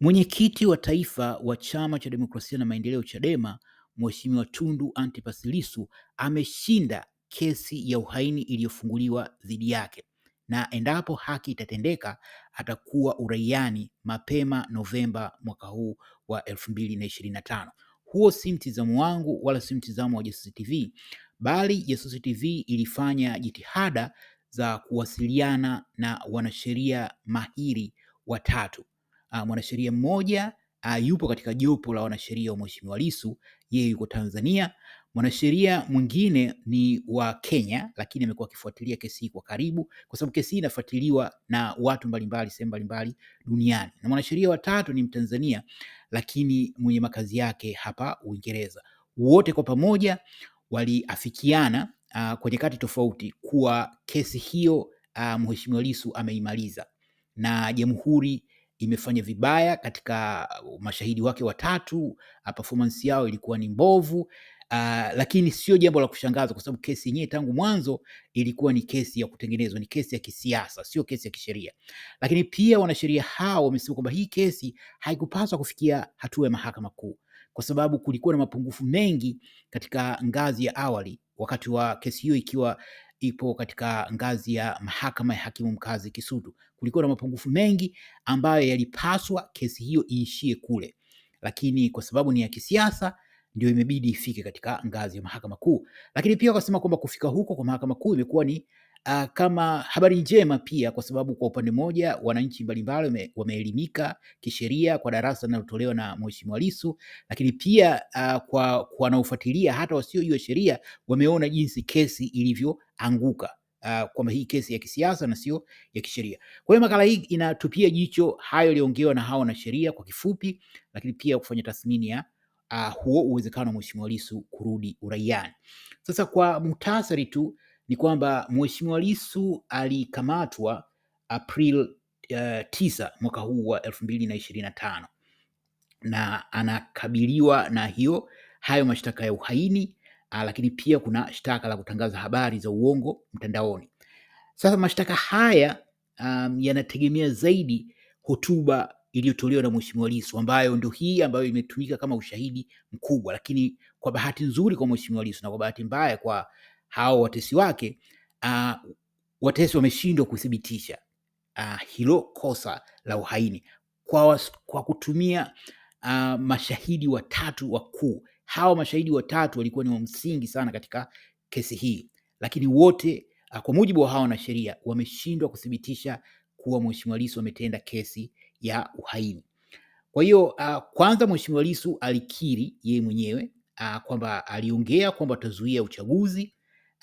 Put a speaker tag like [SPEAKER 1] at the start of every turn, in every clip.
[SPEAKER 1] Mwenyekiti wa taifa wa Chama cha Demokrasia na Maendeleo Chadema, Mheshimiwa Tundu Antipas Lissu ameshinda kesi ya uhaini iliyofunguliwa dhidi yake na endapo haki itatendeka atakuwa uraiani mapema Novemba mwaka huu wa elfu mbili na ishirini na tano. Huo si mtizamo wangu wala si mtizamo wa Jasusi TV, bali Jasusi TV ilifanya jitihada za kuwasiliana na wanasheria mahiri watatu Ah, mwanasheria mmoja ah, yupo katika jopo la wanasheria wa Mheshimiwa Lissu, yeye yuko Tanzania. Mwanasheria mwingine ni wa Kenya, lakini amekuwa akifuatilia kesi hii kwa karibu, kwa sababu kesi hii inafuatiliwa na watu mbalimbali sehemu mbalimbali duniani. Na mwanasheria wa tatu ni Mtanzania, lakini mwenye makazi yake hapa Uingereza. Wote kwa pamoja waliafikiana uh, kwa nyakati tofauti kuwa kesi hiyo uh, Mheshimiwa Lissu ameimaliza na jamhuri imefanya vibaya katika uh, mashahidi wake watatu, uh, performance yao ilikuwa ni mbovu uh, lakini sio jambo la kushangaza kwa sababu kesi yenyewe tangu mwanzo ilikuwa ni kesi ya kutengenezwa, ni kesi ya kisiasa, sio kesi ya kisheria. Lakini pia wanasheria hao wamesema kwamba hii kesi haikupaswa kufikia hatua ya mahakama kuu kwa sababu kulikuwa na mapungufu mengi katika ngazi ya awali wakati wa kesi hiyo ikiwa ipo katika ngazi ya mahakama ya hakimu mkazi Kisutu. Kulikuwa na mapungufu mengi ambayo yalipaswa kesi hiyo iishie kule, lakini kwa sababu ni ya kisiasa ndio imebidi ifike katika ngazi ya mahakama kuu. Lakini pia wakasema kwamba kufika huko kwa mahakama kuu imekuwa ni uh, kama habari njema pia, kwa sababu kwa upande mmoja wananchi mbalimbali wameelimika kisheria kwa darasa linalotolewa na Mheshimiwa Lissu, lakini pia uh, kwa wanaofuatilia hata wasiojua sheria wameona jinsi kesi ilivyoanguka. Uh, kwamba hii kesi ya kisiasa na sio ya kisheria. Kwa hiyo makala hii inatupia jicho hayo yaliyoongewa na hao wanasheria kwa kifupi, lakini pia kufanya tathmini ya uh, huo uwezekano wa Mheshimiwa Lissu kurudi uraiani. Sasa kwa muhtasari tu ni kwamba Mheshimiwa Lissu alikamatwa April uh, tisa mwaka huu wa elfu mbili na ishirini na tano na anakabiliwa na hiyo hayo mashtaka ya uhaini, ah, lakini pia kuna shtaka la kutangaza habari za uongo mtandaoni. Sasa mashtaka haya um, yanategemea zaidi hotuba iliyotolewa na Mheshimiwa Lissu ambayo ndio hii ambayo imetumika kama ushahidi mkubwa, lakini kwa bahati nzuri kwa Mheshimiwa Lissu na kwa bahati mbaya kwa hao watesi wake uh, watesi wameshindwa kuthibitisha uh, hilo kosa la uhaini kwa, kwa kutumia uh, mashahidi watatu wakuu. Hawa mashahidi watatu walikuwa ni wa msingi sana katika kesi hii, lakini wote uh, kwa mujibu wa hawa sheria wameshindwa kuthibitisha kuwa Mheshimiwa lisu ametenda kesi ya uhaini. Kwa hiyo uh, kwanza Mheshimiwa lisu alikiri yeye mwenyewe uh, kwamba aliongea kwamba atazuia uchaguzi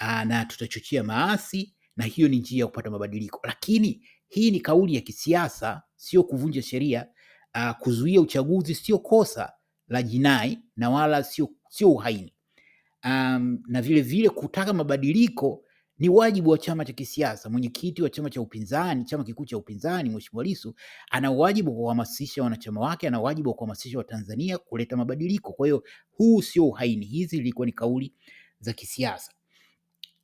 [SPEAKER 1] Ah, na tutachochea maasi, na hiyo ni njia ya kupata mabadiliko. Lakini hii ni kauli ya kisiasa, sio kuvunja sheria. Ah, kuzuia uchaguzi sio kosa la jinai na wala sio sio uhaini. Um, na vile vile kutaka mabadiliko ni wajibu wa chama cha kisiasa. Mwenyekiti wa chama cha upinzani, chama kikuu cha upinzani, Mheshimiwa lisu ana wajibu wa kuhamasisha wanachama wake, ana wajibu wa kuhamasisha Watanzania kuleta mabadiliko. Kwa hiyo huu sio uhaini, hizi ilikuwa ni kauli za kisiasa.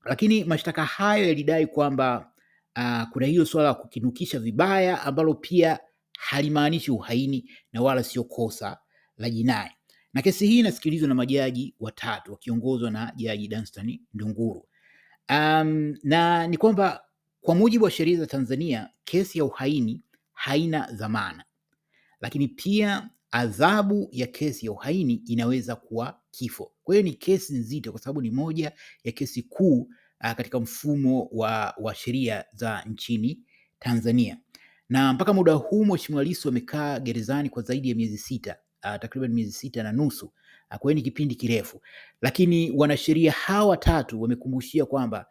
[SPEAKER 1] Lakini mashtaka hayo yalidai kwamba uh, kuna hiyo suala la kukinukisha vibaya ambalo pia halimaanishi uhaini na wala sio kosa la jinai, na kesi hii inasikilizwa na majaji watatu wakiongozwa na Jaji Danstan Ndunguru. Um, na ni kwamba kwa mujibu wa sheria za Tanzania kesi ya uhaini haina dhamana, lakini pia adhabu ya kesi ya uhaini inaweza kuwa kifo. Kwa hiyo ni kesi nzito, kwa sababu ni moja ya kesi kuu ah, katika mfumo wa, wa sheria za nchini Tanzania. Na mpaka muda huu Mheshimiwa Lissu amekaa gerezani kwa zaidi ya miezi sita, ah, takriban miezi sita na nusu. Ah, kwa hiyo ni kipindi kirefu, lakini wanasheria hawa watatu wamekumbushia kwamba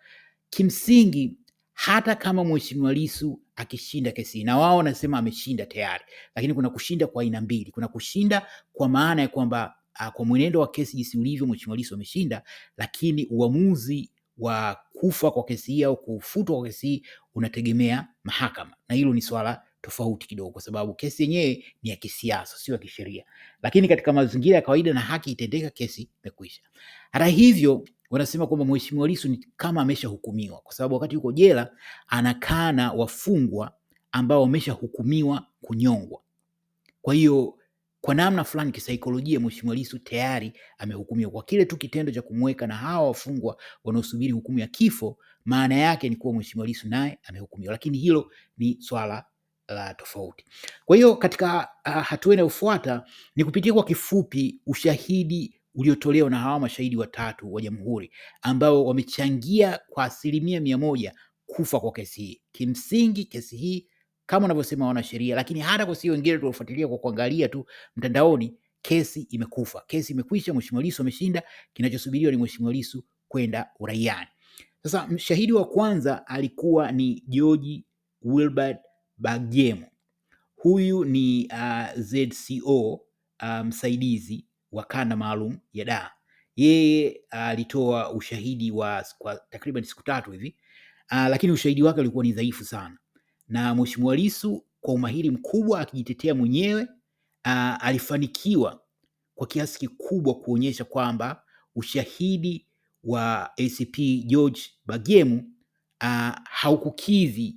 [SPEAKER 1] kimsingi hata kama Mheshimiwa Lissu akishinda kesi na wao wanasema ameshinda tayari, lakini kuna kushinda kwa aina mbili. Kuna kushinda kwa maana ya kwamba Ah, kwa mwenendo wa kesi jinsi ulivyo, Mheshimiwa Lissu ameshinda, lakini uamuzi wa kufa kwa kesi hii au kufutwa kwa kesi hii unategemea mahakama, na hilo ni swala tofauti kidogo, kwa sababu kesi yenyewe ni ya kisiasa, sio ya kisheria. Lakini katika mazingira ya kawaida na haki itendeka, kesi imekwisha. Hata hivyo, wanasema kwamba Mheshimiwa Lissu ni kama ameshahukumiwa, kwa sababu wakati yuko jela anakaa na wafungwa ambao wameshahukumiwa kunyongwa. Kwa hiyo kwa namna fulani kisaikolojia, Mheshimiwa Lissu tayari amehukumiwa kwa kile tu kitendo cha kumweka na hawa wafungwa wanaosubiri hukumu ya kifo. Maana yake ni kuwa Mheshimiwa Lissu naye amehukumiwa, lakini hilo ni swala la tofauti. Kwa hiyo katika uh, hatua inayofuata ni kupitia kwa kifupi ushahidi uliotolewa na hawa mashahidi watatu wa Jamhuri ambao wamechangia kwa asilimia mia moja kufa kwa kesi hii. Kimsingi kesi hii kama wanavyosema wanasheria, lakini hata kwa sisi wengine tunafuatilia kwa kuangalia tu mtandaoni, kesi imekufa, kesi imekwisha, Mheshimiwa Lissu ameshinda. Kinachosubiriwa ni Mheshimiwa Lissu kwenda uraiani. Sasa shahidi wa kwanza alikuwa ni George Wilbert Bagyemo. Huyu ni uh, ah, ZCO ah, msaidizi um, wa kanda maalum ya da Yeye alitoa uh, ushahidi wa kwa takriban siku tatu hivi uh, lakini ushahidi wake ulikuwa ni dhaifu sana na Mheshimiwa Lissu kwa umahiri mkubwa akijitetea mwenyewe a, alifanikiwa kwa kiasi kikubwa kuonyesha kwamba ushahidi wa ACP George Bagemu haukukidhi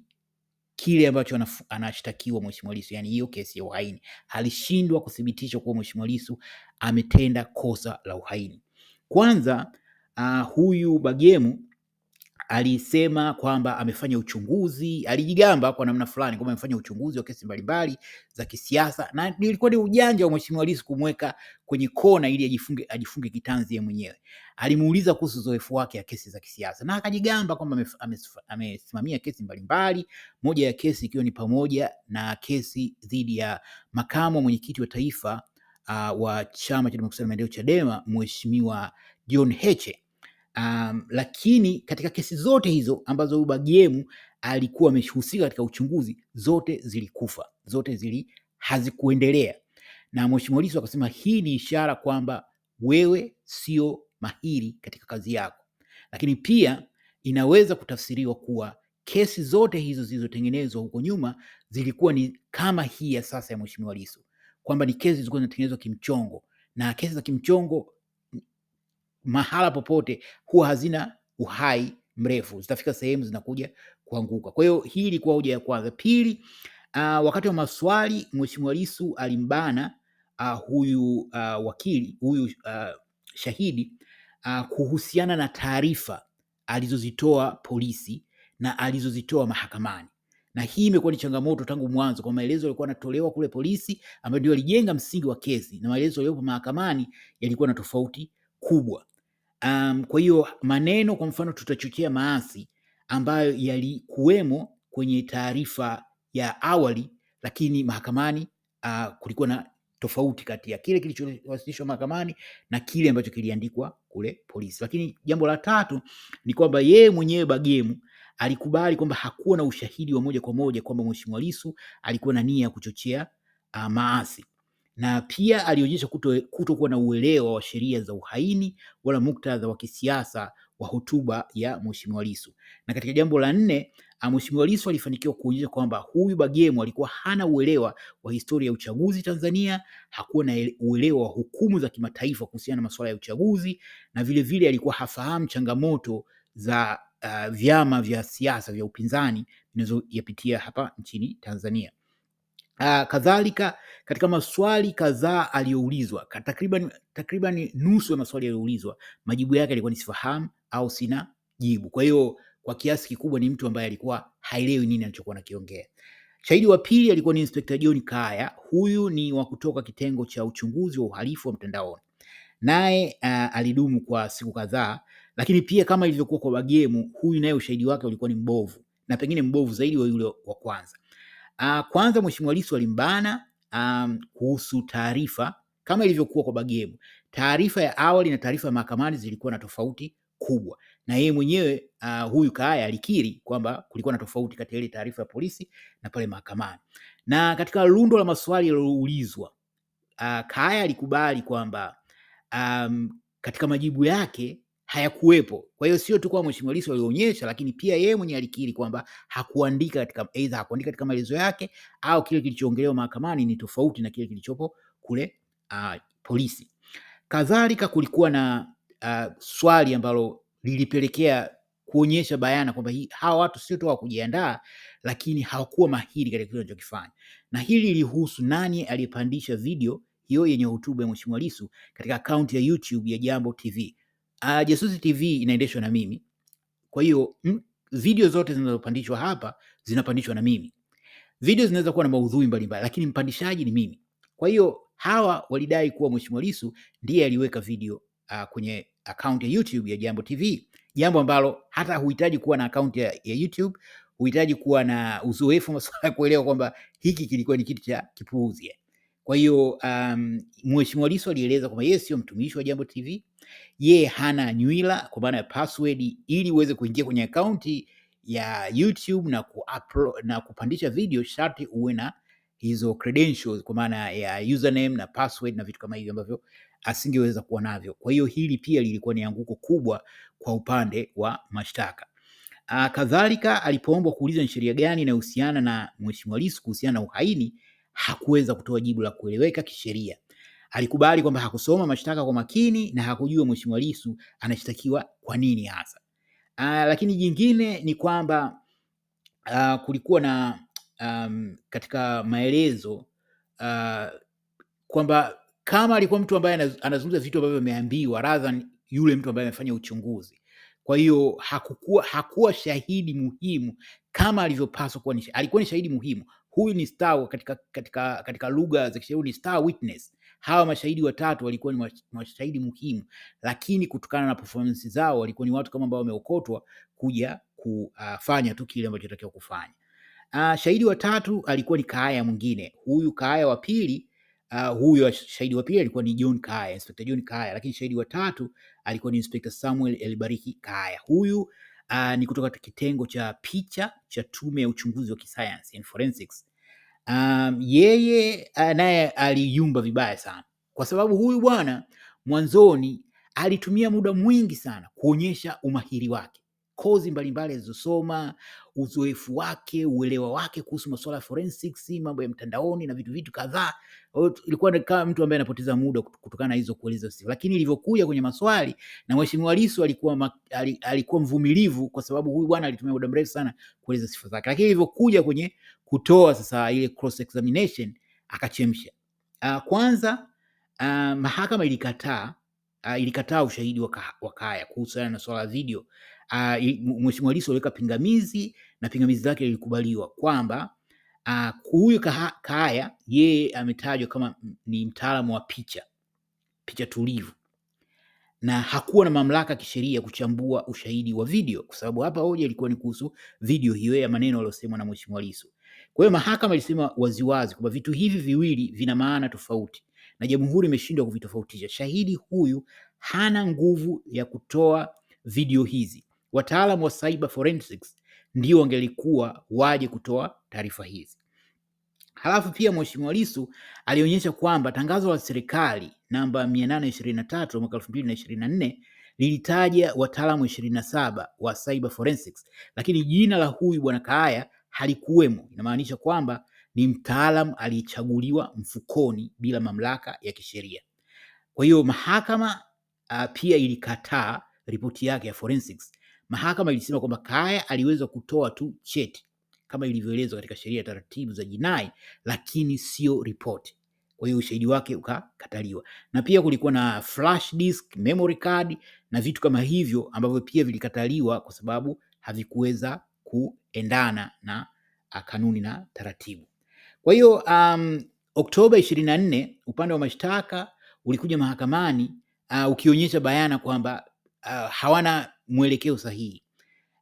[SPEAKER 1] kile ambacho anashtakiwa Mheshimiwa Lissu, yaani hiyo kesi ya uhaini. Alishindwa kuthibitisha kuwa Mheshimiwa Lissu ametenda kosa la uhaini. Kwanza, uh, huyu Bagemu alisema kwamba amefanya uchunguzi, alijigamba kwa namna fulani kwamba amefanya uchunguzi wa kesi mbalimbali za kisiasa, na ilikuwa ni ujanja wa Mheshimiwa Lissu kumweka kwenye kona ili ajifunge, ajifunge kitanzi yeye mwenyewe. Alimuuliza kuhusu uzoefu wake ya kesi za kisiasa na akajigamba kwamba amesimamia kesi mbalimbali, moja ya kesi ikiwa ni pamoja na kesi dhidi ya makamu wa mwenyekiti wa taifa uh, wa Chama cha Demokrasia na Maendeleo, Chadema, Mheshimiwa John Heche um, lakini katika kesi zote hizo ambazo Ubagiemu alikuwa amehusika katika uchunguzi, zote zilikufa, zote zili hazikuendelea, na mheshimiwa lisu akasema hii ni ishara kwamba wewe sio mahiri katika kazi yako, lakini pia inaweza kutafsiriwa kuwa kesi zote hizo zilizotengenezwa huko nyuma zilikuwa ni kama hii ya sasa ya mheshimiwa lisu kwamba ni kesi zilikuwa zinatengenezwa kimchongo, na kesi za kimchongo mahala popote huwa hazina uhai mrefu, zitafika sehemu zinakuja kuanguka. Kwa hiyo hii ilikuwa hoja ya kwanza. Pili, uh, wakati wa maswali Mheshimiwa Lissu alimbana uh, huyu uh, wakili huyu uh, shahidi uh, kuhusiana na taarifa alizozitoa polisi na alizozitoa mahakamani na hii imekuwa ni changamoto tangu mwanzo, kwa maelezo yalikuwa yanatolewa kule polisi ambayo ndio alijenga msingi wa kesi na maelezo yaliyopo mahakamani yalikuwa na tofauti kubwa. Um, kwa hiyo maneno kwa mfano tutachochea maasi ambayo yalikuwemo kwenye taarifa ya awali, lakini mahakamani uh, kulikuwa na tofauti kati ya kile kilichowasilishwa mahakamani na kile ambacho kiliandikwa kule polisi. Lakini jambo la tatu ni kwamba yeye mwenyewe Bagemu alikubali kwamba hakuwa na ushahidi wa moja kwa moja kwamba Mheshimiwa Lissu alikuwa na nia ya kuchochea uh, maasi na pia alionyesha kutokuwa na uelewa wa sheria za uhaini wala muktadha wa kisiasa wa hotuba ya Mheshimiwa Lissu. Na katika jambo la nne, ah, Mheshimiwa Lissu alifanikiwa kuonyesha kwamba huyu bagemu alikuwa hana uelewa wa historia ya uchaguzi Tanzania, hakuwa na uelewa wa hukumu za kimataifa kuhusiana na masuala ya uchaguzi, na vilevile vile alikuwa hafahamu changamoto za uh, vyama vya siasa vya upinzani zinazoyapitia hapa nchini Tanzania. Uh, kadhalika katika maswali kadhaa aliyoulizwa, takriban takriban nusu ya maswali yaliyoulizwa majibu yake yalikuwa ni sifahamu au sina jibu. Kwa hiyo kwa kiasi kikubwa ni mtu ambaye alikuwa haelewi nini alichokuwa nakiongea. Shahidi wa pili alikuwa ni Inspekta John Kaya. Huyu ni wa kutoka kitengo cha uchunguzi wa uhalifu wa mtandaoni, naye uh, alidumu kwa siku kadhaa, lakini pia kama ilivyokuwa kwa Bagemu, huyu naye ushahidi wake ulikuwa ni mbovu na pengine mbovu zaidi wa yule wa kwanza. Uh, kwanza Mheshimiwa Lissu alimbana um, kuhusu taarifa kama ilivyokuwa kwa Bagiemu. Taarifa ya awali na taarifa ya mahakamani zilikuwa na tofauti kubwa, na yeye mwenyewe uh, huyu Kaaya alikiri kwamba kulikuwa na tofauti kati ya ile taarifa ya polisi na pale mahakamani. Na katika lundo la maswali yaliyoulizwa uh, ah, Kaaya alikubali kwamba um, katika majibu yake hayakuwepo. Kwa hiyo sio tu kwa Mheshimiwa Lissu alionyesha, lakini pia yeye mwenyewe alikiri kwamba hakuandika katika aidha hakuandika katika maelezo yake au kile kilichoongelewa mahakamani ni tofauti na kile kilichopo kule uh, polisi. Kadhalika kulikuwa na uh, swali ambalo lilipelekea kuonyesha bayana kwamba hawa watu sio tu kujiandaa, lakini hawakuwa mahiri katika kile wanachokifanya, na hili lilihusu nani aliyepandisha video hiyo yenye hotuba ya Mheshimiwa Lissu katika akaunti ya YouTube ya Jambo TV. Uh, Jasusi TV inaendeshwa na mimi, kwa hiyo video zote zinazopandishwa hapa zinapandishwa na mimi. Video zinaweza kuwa na maudhui mbalimbali, lakini mpandishaji ni mimi. Kwa hiyo hawa walidai kuwa mweshimua lisu ndiye aliweka video uh, kwenye akaunti ya YouTube ya Jambo TV, jambo ambalo hata huhitaji kuwa na akaunti ya, ya YouTube, huhitaji kuwa na uzoefu masuala ya kuelewa kwamba hiki kilikuwa ni kitu cha kipuuzi. Kwa hiyo um, Mheshimiwa Lissu alieleza kwamba yeye sio mtumishi wa Jambo TV, yeye hana nywila kwa maana ya password ili uweze kuingia kwenye akaunti ya YouTube na ku na kupandisha video sharti uwe na hizo credentials kwa maana ya username na password na vitu kama hivyo ambavyo asingeweza kuwa navyo. Kwa hiyo hili pia lilikuwa ni anguko kubwa kwa upande wa mashtaka. Ah, kadhalika, alipoombwa kuuliza ni sheria gani inayohusiana na Mheshimiwa Lissu kuhusiana na uhaini hakuweza kutoa jibu la kueleweka kisheria. Alikubali kwamba hakusoma mashtaka kwa makini na hakujua Mheshimiwa Lissu anashtakiwa kwa nini hasa. Uh, lakini jingine ni kwamba uh, kulikuwa na um, katika maelezo uh, kwamba kama alikuwa mtu ambaye anazungumza vitu ambavyo ameambiwa rather yule mtu ambaye amefanya uchunguzi. Kwa hiyo hakukuwa hakuwa shahidi muhimu kama alivyopaswa kuwa. Alikuwa ni shahidi muhimu Huyu ni star katika, katika, katika lugha za kisheria ni star witness. Hawa mashahidi watatu walikuwa ni mashahidi muhimu, lakini kutokana na performance zao walikuwa ni watu kama ambao wameokotwa kuja kufanya tu kile ambacho takiwa kufanya. Uh, shahidi wa tatu alikuwa ni Kaaya mwingine. Huyu Kaaya wa pili uh, ah, huyu shahidi wa pili alikuwa ni John Kaaya, Inspector John Kaaya, lakini shahidi wa tatu alikuwa ni Inspector Samuel Elbariki Kaaya. Huyu uh, ni kutoka kitengo cha picha cha tume ya uchunguzi wa kisayansi and forensics Um, yeye naye aliyumba vibaya sana, kwa sababu huyu bwana mwanzoni alitumia muda mwingi sana kuonyesha umahiri wake, kozi mbalimbali alizosoma, uzoefu wake, uelewa wake kuhusu masuala ya forensics, mambo ya mtandaoni na vitu vitu kadhaa. Ilikuwa kama mtu ambaye anapoteza muda kutokana na hizo kueleza sifa, lakini ilivyokuja kwenye maswali na Mheshimiwa Lissu alikuwa, alikuwa mvumilivu kwa sababu huyu bwana alitumia muda mrefu sana kueleza sifa zake, lakini ilivyokuja kwenye kutoa sasa ile cross examination akachemsha. Uh, Kwanza uh, mahakama ilikataa uh, ilikataa ushahidi wa Kaya kuhusiana na swala la video. Uh, Mheshimiwa Lissu aliweka pingamizi na pingamizi zake lilikubaliwa kwamba ah, huyu uh, Kahaya yeye ametajwa kama ni mtaalamu wa picha picha tulivu na hakuwa na mamlaka kisheria kuchambua ushahidi wa video, kwa sababu hapa hoja ilikuwa ni kuhusu video hiyo ya maneno yaliyosemwa na Mheshimiwa Lissu. Kwa hiyo mahakama ilisema waziwazi kwamba vitu hivi viwili vina maana tofauti na jamhuri imeshindwa kuvitofautisha. Shahidi huyu hana nguvu ya kutoa video hizi. Wataalamu wa cyber forensics ndio wangelikuwa waje kutoa taarifa hizi. Halafu pia Mheshimiwa Lissu alionyesha kwamba tangazo la serikali namba 823 mwaka 2024 lilitaja wataalamu 27 wa cyber forensics, lakini jina la huyu bwana Kaaya halikuwemo. Inamaanisha kwamba ni mtaalamu aliyechaguliwa mfukoni bila mamlaka ya kisheria. Kwa hiyo mahakama uh, pia ilikataa ripoti yake ya forensics Mahakama ilisema kwamba Kaya aliweza kutoa tu cheti kama ilivyoelezwa katika sheria ya taratibu za jinai, lakini sio ripoti. Kwa hiyo ushahidi wake ukakataliwa, na pia kulikuwa na flash disk, memory card na vitu kama hivyo ambavyo pia vilikataliwa kwa sababu havikuweza kuendana na ah, kanuni na taratibu. Kwa hiyo um, Oktoba ishirini na nne upande wa mashtaka ulikuja mahakamani uh, ukionyesha bayana kwamba uh, hawana mwelekeo sahihi.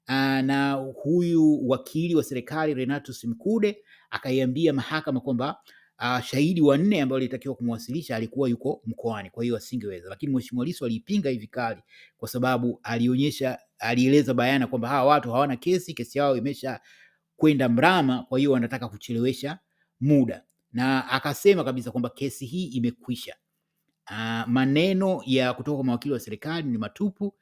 [SPEAKER 1] Ah, na huyu wakili wa serikali Renatus Mkude akaiambia mahakama kwamba uh, shahidi wa nne ambao alitakiwa kumwasilisha alikuwa yuko mkoani, kwa hiyo asingeweza. Lakini Mheshimiwa Lissu aliipinga hivi kali, kwa sababu alionyesha, alieleza bayana kwamba hawa watu hawana kesi, kesi yao imesha kwenda mrama, kwa hiyo wanataka kuchelewesha muda, na akasema kabisa kwamba kesi hii imekwisha. Uh, maneno ya kutoka kwa mawakili wa serikali ni matupu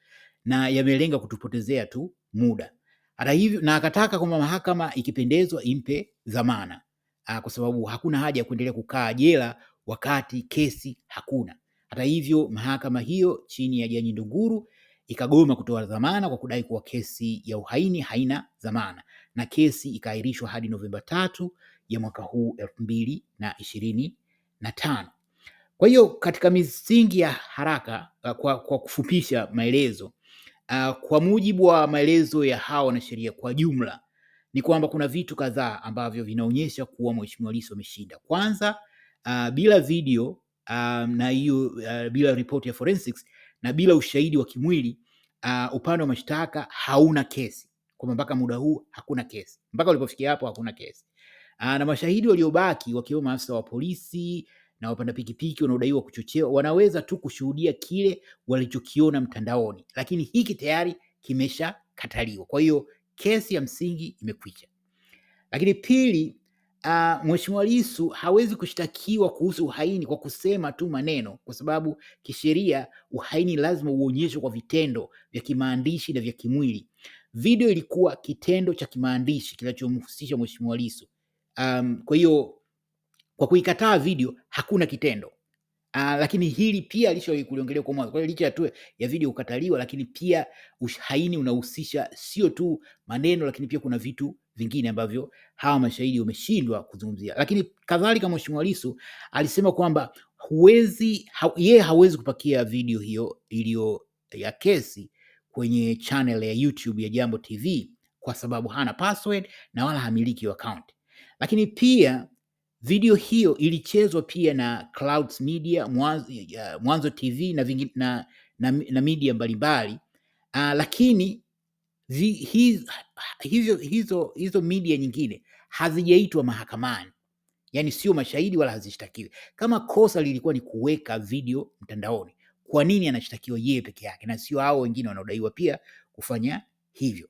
[SPEAKER 1] na yamelenga kutupotezea tu muda. Hata hivyo, na akataka kwamba mahakama ikipendezwa impe dhamana ah, kwa sababu hakuna haja ya kuendelea kukaa jela wakati kesi hakuna. Hata hivyo, mahakama hiyo chini ya Jaji Nduguru ikagoma kutoa dhamana kwa kudai kuwa kesi ya uhaini haina dhamana na kesi ikaahirishwa hadi Novemba tatu ya mwaka huu elfu mbili na ishirini na tano. Kwa hiyo katika misingi ya haraka, ah, kwa, kwa kufupisha maelezo Uh, kwa mujibu wa maelezo ya hawa wanasheria kwa jumla ni kwamba kuna vitu kadhaa ambavyo vinaonyesha kuwa Mheshimiwa Lissu ameshinda. Kwanza, uh, bila video uh, na hiyo uh, bila ripoti ya forensics na bila ushahidi wa kimwili uh, upande wa mashtaka hauna kesi kwamba mpaka muda huu hakuna kesi, mpaka ulipofikia hapo hakuna kesi uh, na mashahidi waliobaki wakiwemo maafisa wa polisi na wapanda pikipiki wanaodaiwa kuchochewa wanaweza tu kushuhudia kile walichokiona mtandaoni, lakini hiki tayari kimeshakataliwa. Kwa hiyo kesi ya msingi imekwisha. Lakini pili, uh, Mheshimiwa Lissu hawezi kushtakiwa kuhusu uhaini kwa kusema tu maneno, kwa sababu kisheria uhaini lazima uonyeshwe kwa vitendo vya kimaandishi na vya kimwili. Video ilikuwa kitendo cha kimaandishi kinachomhusisha Mheshimiwa Lissu. Um, kwa hiyo kwa kuikataa video hakuna kitendo. Aa, ah, lakini hili pia alishawahi kuliongelea kwa mwanzo. Kwa hiyo licha tu ya video kukataliwa, lakini pia uhaini unahusisha sio tu maneno, lakini pia kuna vitu vingine ambavyo hawa mashahidi wameshindwa kuzungumzia. Lakini kadhalika Mheshimiwa Lissu alisema kwamba huwezi ha, yeye hawezi kupakia video hiyo iliyo ya kesi kwenye channel ya YouTube ya Jambo TV kwa sababu hana password na wala hamiliki account. Lakini pia Video hiyo ilichezwa pia na Clouds Media, Mwanzo, uh, TV na, vingi, na, na, na media mbalimbali uh, lakini zi, hiz, hizo, hizo, hizo media nyingine hazijaitwa mahakamani, yaani sio mashahidi wala hazishtakiwi. Kama kosa lilikuwa ni kuweka video mtandaoni, kwa nini anashtakiwa yeye peke yake na sio hao wengine wanaodaiwa pia kufanya hivyo?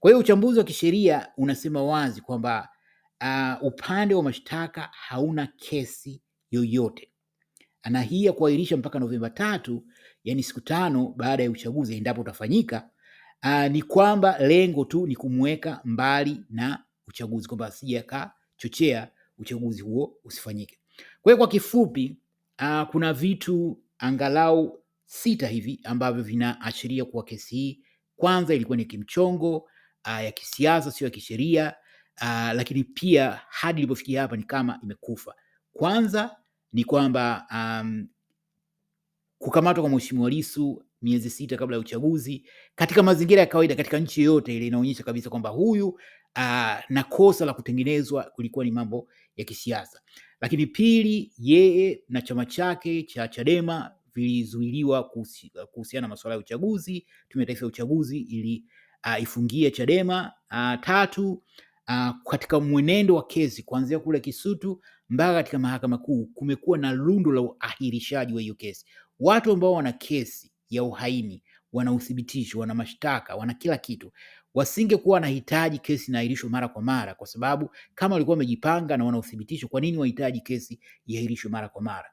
[SPEAKER 1] Kwa hiyo uchambuzi wa kisheria unasema wazi kwamba uh, upande wa mashtaka hauna kesi yoyote na hii ya kuahirisha mpaka Novemba tatu, yani siku tano baada ya uchaguzi, endapo utafanyika uh, ni kwamba lengo tu ni kumweka mbali na uchaguzi, kwamba asije akachochea uchaguzi huo usifanyike. Kwa hiyo kwa kifupi, uh, kuna vitu angalau sita hivi ambavyo vinaashiria kuwa kesi hii kwanza ilikuwa ni kimchongo, uh, ya kisiasa, sio ya kisheria uh, lakini pia hadi ilipofikia hapa ni kama imekufa. Kwanza ni kwamba um, kukamatwa kwa Mheshimiwa lisu miezi sita kabla ya uchaguzi katika mazingira ya kawaida katika nchi yoyote ile inaonyesha kabisa kwamba huyu uh, na kosa la kutengenezwa kulikuwa ni mambo ya kisiasa. Lakini pili, yeye na chama chake cha Chadema vilizuiliwa kuhusiana na masuala ya uchaguzi. Tume ya Taifa ya Uchaguzi ili uh, ifungie Chadema. Uh, tatu, uh, katika mwenendo wa kesi kuanzia kule Kisutu mpaka katika mahakama kuu, kumekuwa na lundo la uahirishaji wa hiyo kesi. Watu ambao wana kesi ya uhaini wana uthibitisho, wana mashtaka, wana kila kitu, wasingekuwa wanahitaji kesi inaahirishwe mara kwa mara, kwa sababu kama walikuwa wamejipanga na wana uthibitisho, kwa nini wahitaji kesi iahirishwe mara kwa mara?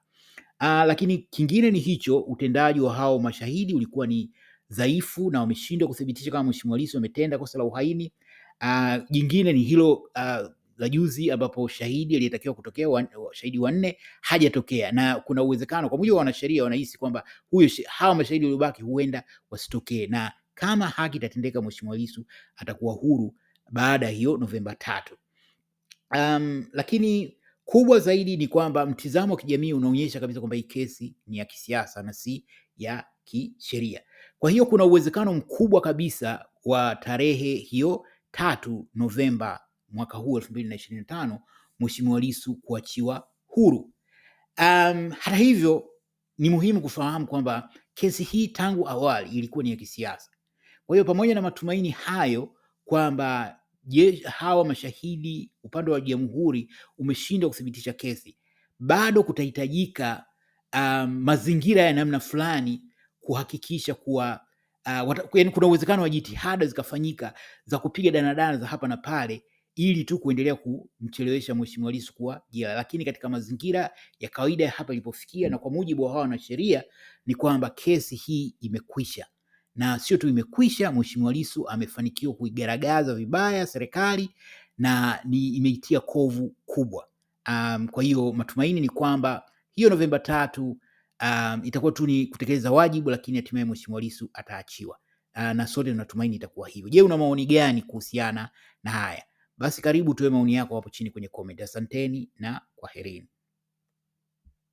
[SPEAKER 1] Uh, lakini kingine ni hicho, utendaji wa hao mashahidi ulikuwa ni dhaifu na wameshindwa kuthibitisha kama Mheshimiwa Lissu ametenda kosa la uhaini Uh, jingine ni hilo uh, la juzi ambapo shahidi aliyetakiwa kutokea wa, shahidi wanne hajatokea, na kuna uwezekano kwa mujibu wa wanasheria wanahisi kwamba huyo hawa mashahidi waliobaki huenda wasitokee, na kama haki itatendeka, Mheshimiwa Lissu atakuwa huru baada hiyo Novemba tatu. Um, lakini kubwa zaidi ni kwamba mtizamo wa kijamii unaonyesha kabisa kwamba hii kesi ni ya kisiasa na si ya kisheria. Kwa hiyo kuna uwezekano mkubwa kabisa wa tarehe hiyo tatu Novemba mwaka huu 2025 Mheshimiwa Lissu kuachiwa huru. Um, hata hivyo ni muhimu kufahamu kwamba kesi hii tangu awali ilikuwa ni ya kisiasa. Kwa hiyo pamoja na matumaini hayo kwamba hawa mashahidi upande wa jamhuri umeshindwa kuthibitisha kesi, bado kutahitajika um, mazingira ya namna fulani kuhakikisha kuwa uh, ah, wat, yaani kuna uwezekano wa jitihada zikafanyika za kupiga danadana za hapa na pale ili tu kuendelea kumchelewesha Mheshimiwa Lissu kuwa jela, lakini katika mazingira ya kawaida ya hapa ilipofikia, na kwa mujibu wa hawa wanasheria ni kwamba kesi hii imekwisha, na sio tu imekwisha, Mheshimiwa Lissu amefanikiwa kuigaragaza vibaya serikali na ni imeitia kovu kubwa. Um, kwa hiyo matumaini ni kwamba hiyo Novemba tatu um, itakuwa tu ni kutekeleza wajibu, lakini hatimaye Mheshimiwa Lissu ataachiwa. Uh, na sote tunatumaini itakuwa hivyo. Je, una maoni gani kuhusiana na haya? Basi karibu tuwe maoni yako hapo chini kwenye comment. Asanteni na kwaherini.